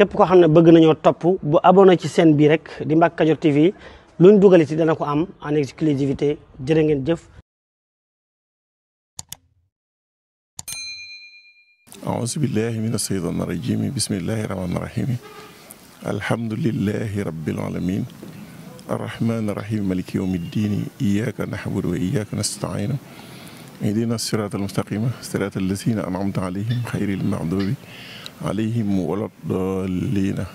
képp koo xam ne bëgg nañoo topp bu abonné ci chaîne bi rek di Mbacke Kadior TV luñ dugal ci dana ko am en exclusivité jërë ngeen jëf aousubillahi min asheytan irajimi bismillahi rahmani irahimi alhamdulilahi rabilalamin arrahmani irahim maliki yawmi ddini iyaka nahbudu wa iyaka nastainu ihdina sirata almustaqima sirata allazina anamta alayhim xayril alayhim wala doliina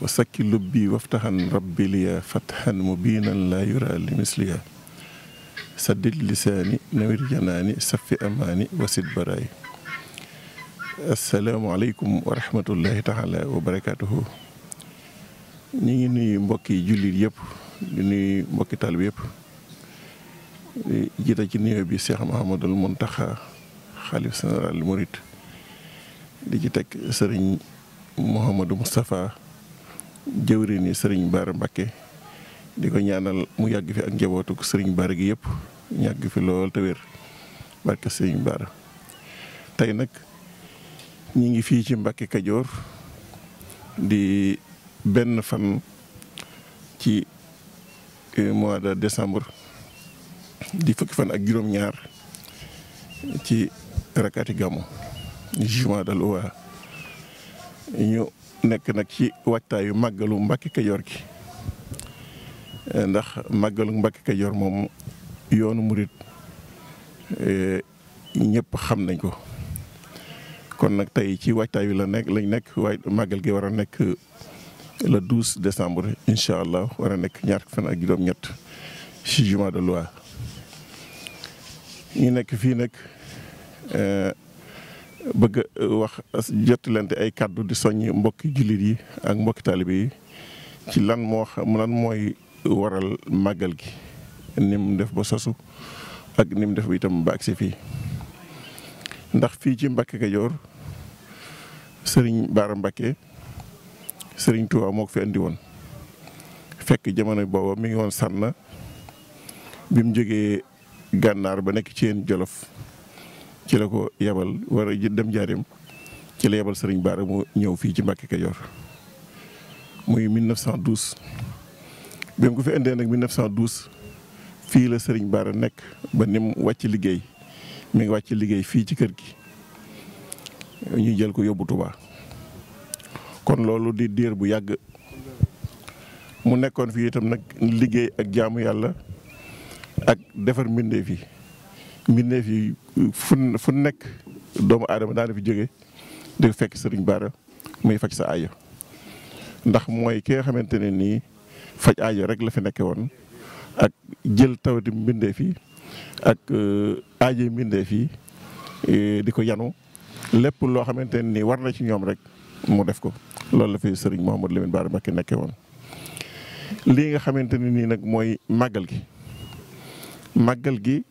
wa sakki lubbi waftahan rabbi liya fathan laa yuraa li misliya saddid lisaani nawir janaani safi amaani wasit baraay asalaamualeykum wa rahmatullahi taala wa barakaatuhu ñu ngi nuyu mbokki jullit yëpp di nuyu mbokki taalibe yëpp jiite ci nuyoo bi Cheikh Mouhamadul Mountakha xalif général Mouride di ci teg sëriñ Mouhamadou Moustapha jëwriñu sëriñ Bara Mbacké di ko ñaanal mu yàgg fi ak njabootu sëriñ Bara gi yëpp yàgg fi lool te wér barke sëriñ Bara tey nag ñi ngi fii ci Mbacké Kajoor di benn fan ci eh, mois de décembre di fukki fan ak juróom-ñaar ci rakati gàmmu jumaadal uwaa ñu nekk nag ci waajtaayu màggalu Mbàkke Kajoor gi ndax màggalu Mbàkke Kajoor moom yoonu murit eh, ñëpp xam nañ ko kon nag tey ci waajtaay wi la nekk lañ nekk waaye màggal gi war a nekk le 12 décembre incha allah war a nekk ñaar fan ak juróom-ñett ci jumaa de loi ñu nekk fii nag eh, bëgg euh, wax jottilante ay kàddu di soññ mbokki jullit yi ak mbokki taalibe yi ci lan moo xam lan mooy waral màggal gi ni mu def ba sosu ak ni mu def ba itam ba agsi fii ndax fii ci mbakk Kajoor sëriñ Baara mbakke sëriñ Tuubaa moo ko fi andi fekk jamono booba mi ngi woon sànn bi mu jógee gànnaar ba nekk ci yéen Jolof ci la ko yebal war a dem jaareem ci la yebal sëriñ Baara mu ñëw fii ci Mbàkke Kajoor muy 1912 bi mu ko fi indee nag 1912 fii la sëriñ Baara nekk ba ni mu wàcc liggéey mu ngi wàcc liggéey fii ci kër gi ñu jël ko yóbbu Tuubaa kon loolu di diir bu yàgg mu nekkoon fii itam nag liggéey ak jaamu yàlla ak defar mbindeef yi mbindeef yi fu fu nekk doomu aadama daana fi jóge di fekk sëriñ Bara muy faj sa ajo ndax mooy ki nga xamante ne nii faj aajo rek la fi nekke woon ak jël tawati mbindeef yi ak euh, aajo mbindeef yi e, di ko yanu lépp loo xamante ne nii war na ci ñoom rek mu def ko loolu lafi fi sëriñ Mouhamadou Lamine Bara Mbacké nekke woon lii nga xamante ne nii nag mooy màggal gi màggal gi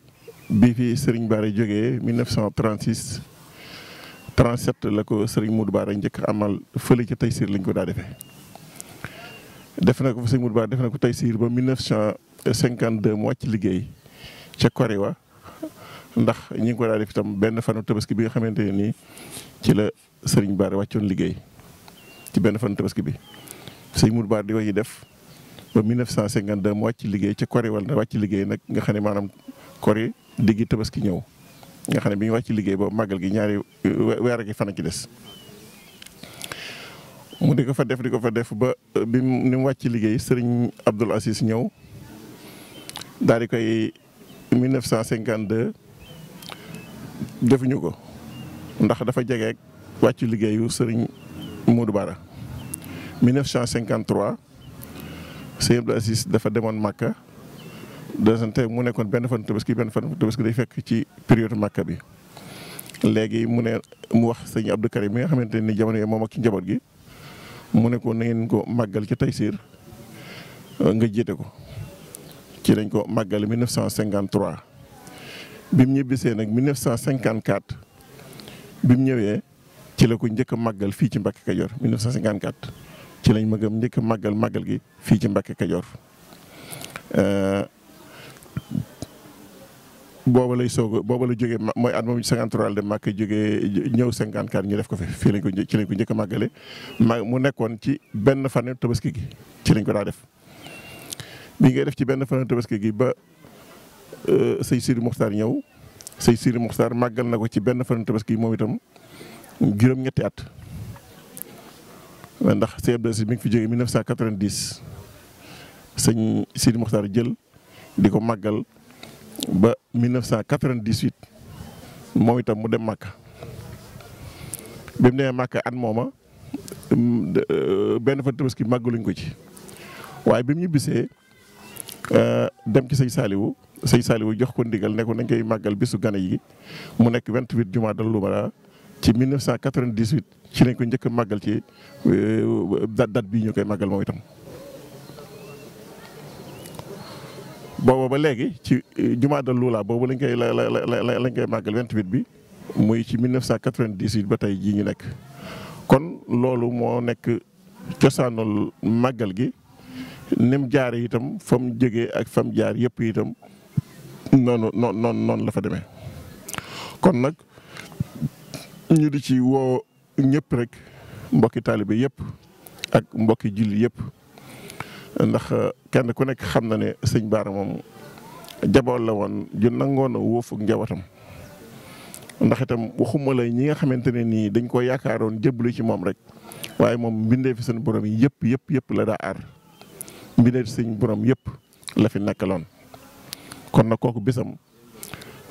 bi fi Serigne Bara jógee 1936 37 la ko Serigne Modou Bara njëkk amal fële ca Taysir lañ ko daa defee. def na ko fa Serigne Modou def na ko Taysir ba 1952 mu wàcc liggéey ca Korewa ndax ñu ngi ko daa def itam benn fanu tabaski bi nga xamante ne nii ci la Serigne Bara wàccoon liggéey ci benn fanu tabaski bi Serigne Modou Bara di ko def. ba 1952 mu wàcc liggéey ca Korewal na wàcc liggéey nag nga xam ne maanaam kori diggi tabaski ñëw nga xam ne bi ñu wàccee liggéey boobu màggal gi ñaari weer ak fan ci des. mu di ko fa def di ko fa def ba eh, bi mu ni mu wàcc liggéey sëriñ Abdoul Aziz ñëw daal di koy 1952 defuñu ko ndax dafa jegeek wàccu liggéeyu sëriñ Modou Bara 1953 sëriñ Abdoul Aziz dafa demoon Màkka. deuxième tey mu nekkoon benn fan tabaski benn fan tabaski day fekk ci période màkka bi. léegi mu ne mu wax sëñ Abdou Karim mi nga xamante ni jamono yi moom ak ci njaboot gi mu ne ko na ngeen ko màggal ci Taysiir nga jiite ko ci lañ ko màggal 1953. bi mu ñibbisee nag 1954 bi mu ñëwee ci la ko njëkk a màggal fii ci Mbàkke Kajoor 1954 ci lañ mëgam njëkk a màggal màggal gi fii ci Mbàkke Kajoor. Euh, booba lay soog booba la jógee mooy at moom 53 dem màkk jógee ñëw 54 ñu def ko fi fii lañ ko ci lañ ko njëkk a màggale ma mu nekkoon ci benn fan tabaski gi ci lañ ko daa def. bi ngay def ci benn fan tabaski gi ba euh, sëñ Sidi ñëw sëñ Sidi màggal na ko ci benn fan tabaski moom itam juróom-ñetti at. ndax Sèye Abdou si mi ngi fi jógee 1990 sëñ Sidi Muxtaar jël di ko màggal. ba 1998 moom itam mu dem Màkka bi mu demee Màkka at mooma euh, benn fa tabaski màggaluñ ko ci waaye bi mu ñibbisee euh, dem ci sëñ Saliou sëñ Saliou jox ko ndigal ne nañ koy màggal bisu gane yi mu nekk 28 jumaa dal lumara ci 1998 ci nañ ko njëkk a màggal ci euh, date bi ñu koy màggal moom itam. booba ba léegi ci euh, jumaadal luulaa boobu lañ koy lañ koy màggal 28 bi muy ci 1998 ba tey jii ñu nekk. kon loolu moo nekk cosaanul màggal gi nim jaar itam fa mu ak fa jaar yëpp itam noonu noonu la fa deme kon nag ñu di ci woo ñëpp rek mbokki taalibe yëpp ak mbokki julli yëpp. ndax euh, kenn ku nekk xam na ne sëñ Baara moom jabool la woon ju nangoon a wóof ak njabootam ndax itam waxuma la ñi nga xamante ne nii dañ ko yaakaaroon jëblu ci moom rek waaye moom mbindee fi seen borom yi yëpp yëpp yëpp la daa aar mbindee fi borom yëpp la fi nekkaloon. kon nag kooku bisam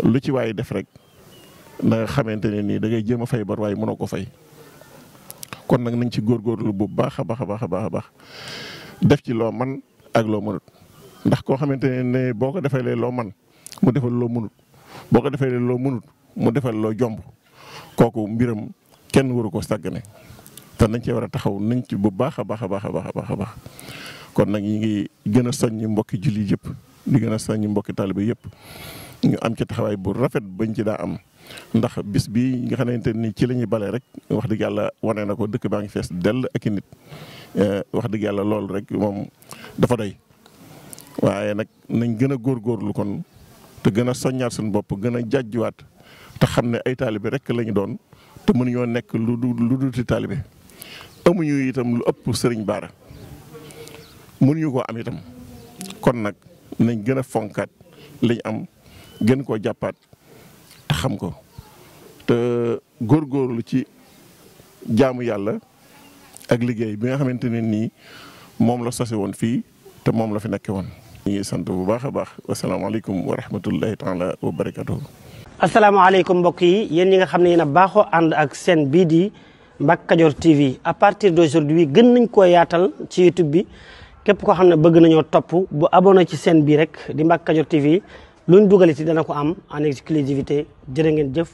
lu ci waaye def rek na nga xamante ne nii da ngay jéem a fay bor waaye mënoo ko fay kon nag nañ ci góorgóorlu bu baax a baax a baax a baax a baax. def ci loo man ak loo mënut ndax koo xamante ne boo ko defalee loo man mu defal loo mënut boo ko defalee loo mënut mu defal loo jomb kooku mbiram kenn waru ko saggane te nañ ci war a taxaw nañ ci bu baax a baax a baax a baax a baax kon nag ñi ngi gën a soññ mbokki julli yëpp di gën a soññ mbokki taalibe yëpp ñu am ca taxawaay bu rafet bañ ci daa am. ndax bis bi nga xamante ni ci la ñuy bale rek wax dëgg yàlla wane na ko dëkk baa ngi fees dell ak i nit eh, wax dëgg yàlla loolu rek moom dafa doy waaye nag nañ gën a góorgóorlu kon te gën a soññaat suñu bopp gën a jàjjuwaat te xam ne ay taalibe rek lañu doon te mënuñoo nekk lu du lu duti taalibe amuñu itam lu ëpp sëriñ baara mënuñu ko am itam kon nag nañ gën a fonkaat lañ am gën koo jàppaat xam ko te góor góorlu ci jaamu yàlla ak liggéey bi nga xamante ne nii moom la sose woon fii te moom la fi nekke woon. ñu ngi sant bu baax a baax wasalaamaaleykum wa rahmatullahi taala wa barakatuhu. asalaamaaleykum mbokk yi yéen yi nga xam ne yéen a baaxoo ànd ak seen bii di Mbacke Kadior TV à partir d'aujourd'hui gën nañ koo yaatal ci YouTube bi képp koo xam ne bëgg nañoo topp bu abonné ci seen bii rek di Mbacke Kadior TV. luñ dugal ci dana ko am en exclusivité jërë ngeen jëf